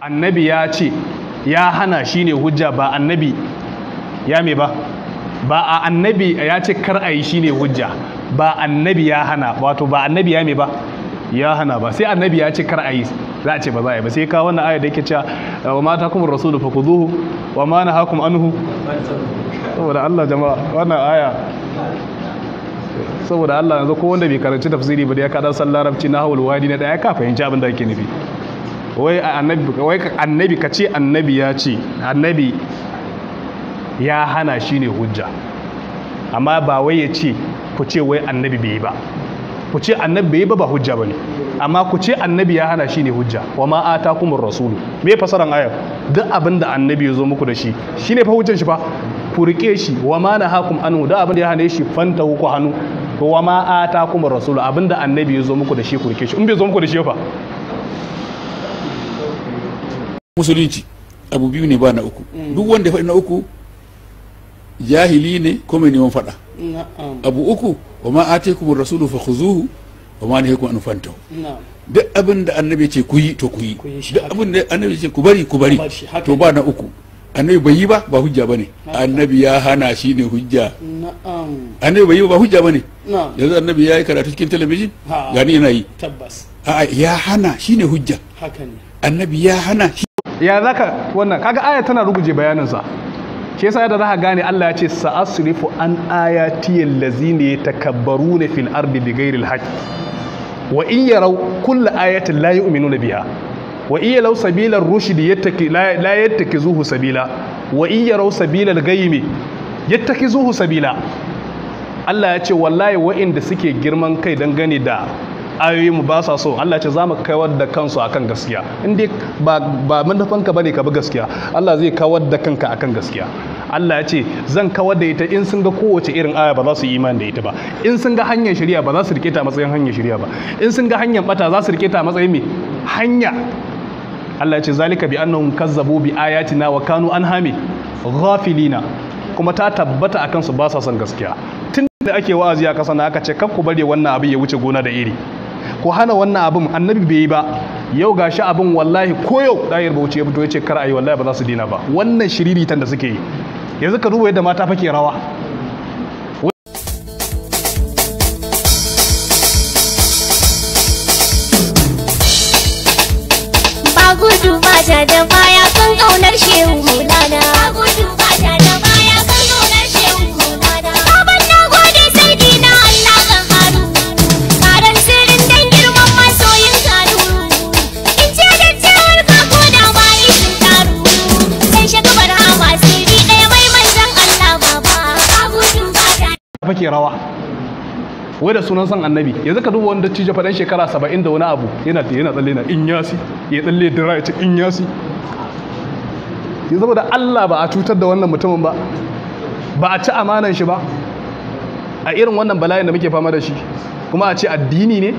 annabi ya ce ya hana shine hujja ba annabi ya me ba ba a annabi ya ce kar a yi shine hujja ba annabi ya hana wato ba annabi ya me ba ya hana ba sai annabi ya ce kar a yi za a ce ba za a yi ba sai ka wannan ayar da yake cewa wa mata kuma rasulu fa kuzuhu wa ma na hakum anhu saboda Allah jama'a wannan aya saboda Allah yanzu ko wanda bai karanci tafsiri ba da ya kada san larabci na hawul wadi na daya ka fahimci abin da ake nufi wai annabi wai annabi ka ce annabi ya ce annabi ya hana shi ne hujja amma ba wai ya ce ku ce wai annabi bai yi ba ku ce annabi bai yi ba ba hujja bane amma ku ce annabi ya hana shi ne hujja wa ma rasu rasul me fasaran ayar duk abin da annabi ya zo muku da shi shine fa hujjan shi fa ku rike shi wa ma nahakum anhu duk abin da ya hane shi fanta ku hannu wa ma atakumur rasul abin da annabi ya zo muku da shi ku rike shi in bai zo muku da shi fa musulunci abu biyu ne ba na uku mm. duk wanda ya faɗi na uku jahili ne ko mai neman faɗa abu uku wa ma kuma rasulu fa khuzuhu wa ma nahakum an fantahu duk abin da annabi ce ku yi to ku yi duk abin da annabi ce ku bari ku bari to ba na uku annabi bai yi ba ba hujja bane annabi ya hana shi ne hujja annabi bai yi ba hujja bane yanzu annabi ya yi karatu cikin talabijin gani yana yi tabbas a'a ya hana shi ne hujja annabi ya hana shi ya zaka wannan kaga aya tana ruguje bayaninsa shi yasa za zaka gane Allah ya ce sa'asrifu an ayati allazina yatakabbaruna fil ardi bighairi alhaq wa in yaraw kull ayatin la yu'minuna biha wa in law sabila ar-rushd yattaki la zuhu sabila wa in yaraw sabila al-ghaymi zuhu sabila Allah ya ce wallahi wa'inda suke girman kai dangane da ayoyin mu ba sa so Allah ce za mu kawar da kansu akan gaskiya in dai ba ba manufanka bane ka bi gaskiya Allah zai kawar da kanka akan gaskiya Allah ya ce zan kawar da ita in sun ga kowace irin aya ba za su yi imani da ita ba in sun ga hanyar shari'a ba za su rike ta matsayin hanyar shari'a ba in sun ga hanyar bata za su rike ta matsayin me hanya Allah ya ce zalika bi annahum kazzabu bi ayatina wa kanu anhami ghafilina kuma ta tabbata akan su ba sa son gaskiya tun da ake wa'azi a kasa na aka ce kar ku bari wannan abin ya wuce gona da iri ku hana wannan abin annabi bai yi ba yau gashi abin wallahi ko yau dayar bauchi ya fito ya ce kar ayi wallahi ba za su dina ba wannan shiriritan da suke yi yanzu ka duba yadda mata fake rawa ba gudu ba da baya kan kaunar shehu ake rawa wai da sunan san annabi yanzu ka duba wanda cije fadan shekara saba'in da wani abu yana yana tsalle na in yasi ya tsalle dira ya ce in yasi ya zama da Allah ba a cutar da wannan mutumin ba ba a ci amanan shi ba a irin wannan bala'in da muke fama da shi kuma a ce addini ne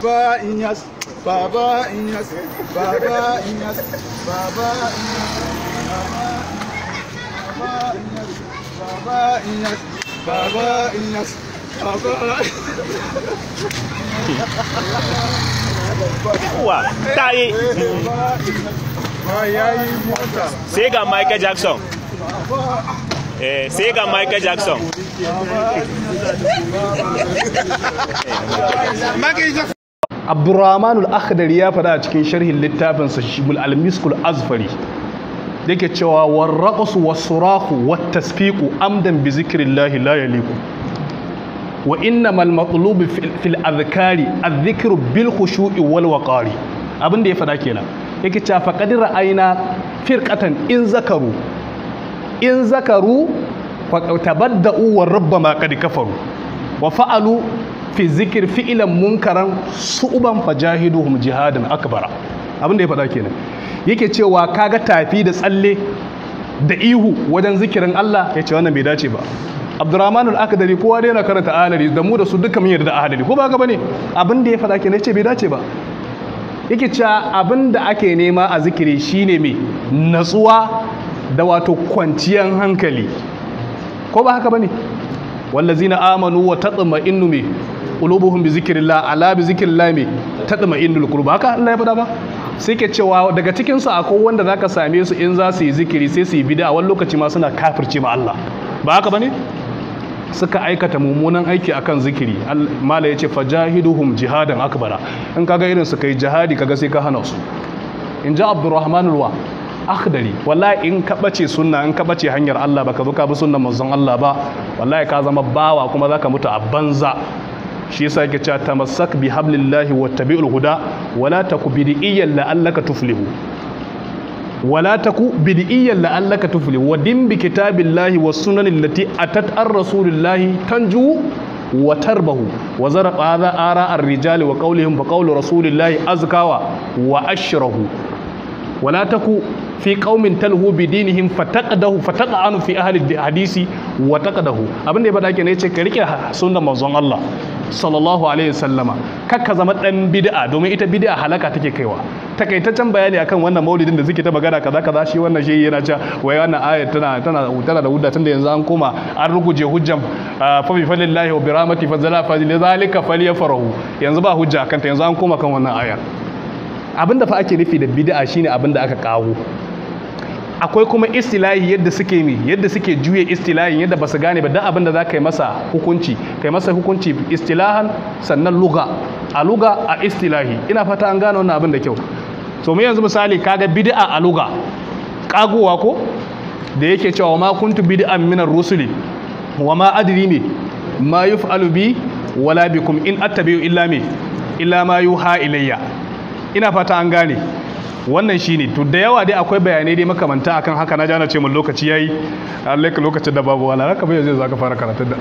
ba in yasi baba in yasi baba in yasi baba in yasi baba in yasi baba in yasi Baba Inyas. Baba. Yawa, ta yi. Sai ga Michael Jackson. Eh, sai ga Michael Jackson. Abdurrahmanul Akhdari ya faɗa a cikin sharhin littafinsa Shibul Almiskul Azfari. yake cewa warraqsu wasurahu wattasfiqu amdan bi zikrillahi la yaliku wa innamal matlubu fil azkari adh-dhikru bil khushu'i wal waqari abin da ya faɗa kenan yake cewa faqad ra'ayna firƙatan in zakaru in zakaru tabadda'u rabba rabbama qad kafaru wa fa'alu fi zikir fi'ilan munkaran su'uban fajahiduhum jihadan akbara abin da ya faɗa kenan yake cewa kaga tafi da tsalle da ihu wajen zikirin Allah ya ce wannan bai dace ba Abdurrahman al-Akdari kowa dai yana karanta ahadari da mu da su duka mun yarda ahadari ko ba ga bane abin da ya faɗa kenan ce bai dace ba yake cewa abin da ake nema a zikiri shine mai natsuwa da wato kwanciyar hankali ko ba haka bane wallazina amanu wa tatma'innu mai qulubuhum bi zikrillah ala bi zikrillah mai tatma'innul qulub haka Allah ya faɗa ba suke cewa daga cikinsu akwai wanda za ka same su in za su yi zikiri sai su yi bida a wani lokaci ma suna kafirce ma Allah ba haka bane suka aikata mummunan aiki akan zikiri mala ya ce fajahiduhum jihadan akbara in kaga irin su kai jihadi kaga sai ka hana su in ji abdurrahman ruwa akhdari wallahi in ka bace sunna in ka hanyar Allah baka zo ka bi sunnan manzon Allah ba wallahi ka zama bawa kuma zaka mutu a banza shi yasa yake cewa tamassak bi hablillahi wattabi'ul huda wala taku bid'iyyan la'allaka tuflihu wala taku bid'iyyan la'allaka tuflihu wa din bi kitabillahi wa sunan lati atat ar rasulillahi tanju wa tarbahu wa zara hadha ara ar rijali wa qawlihim fa qawlu rasulillahi azkawa wa ashrahu wala taku fi qaumin talhu bi dinihim fataqadahu fataqanu fi ahli hadisi wa taqadahu abin da ya faɗa kenan yace ka rike sunnar manzon Allah sallallahu alaihi wasallama kakka zama dan bid'a domin ita bid'a halaka take kaiwa takaitaccen bayani akan wannan maulidin da suke ta magana kaza kaza shi wannan shi yana cewa wai wannan ayat tana tana tana da hudda tunda yanzu an koma an ruguje hujjan fa ah, bi fadlillahi wa bi rahmati fa zala fa lidhalika falyafrahu yanzu ba hujja kanta yanzu an koma kan wannan ayar abinda fa ake nufi da bid'a shine abinda aka kawo akwai kuma istilahi yadda suke mi yadda suke juye istilahi yadda ba su gane ba dan abin da za ka yi masa hukunci kai masa hukunci istilahan sannan luga a luga a istilahi ina fata an gane wannan abin da kyau so mu yanzu misali kaga bid'a a luga kagowa ko da yake cewa ma kuntu bid'an min rusuli wa ma adri ne ma yuf'alu bi wala bikum in attabi'u illa illa ma yuha ilayya ina fata an gane wannan shi ne to da yawa dai akwai bayanai dai makamanta akan haka na jana ce mun lokaci yayi lokacin da babu wala raka bai zai zaka fara karatun da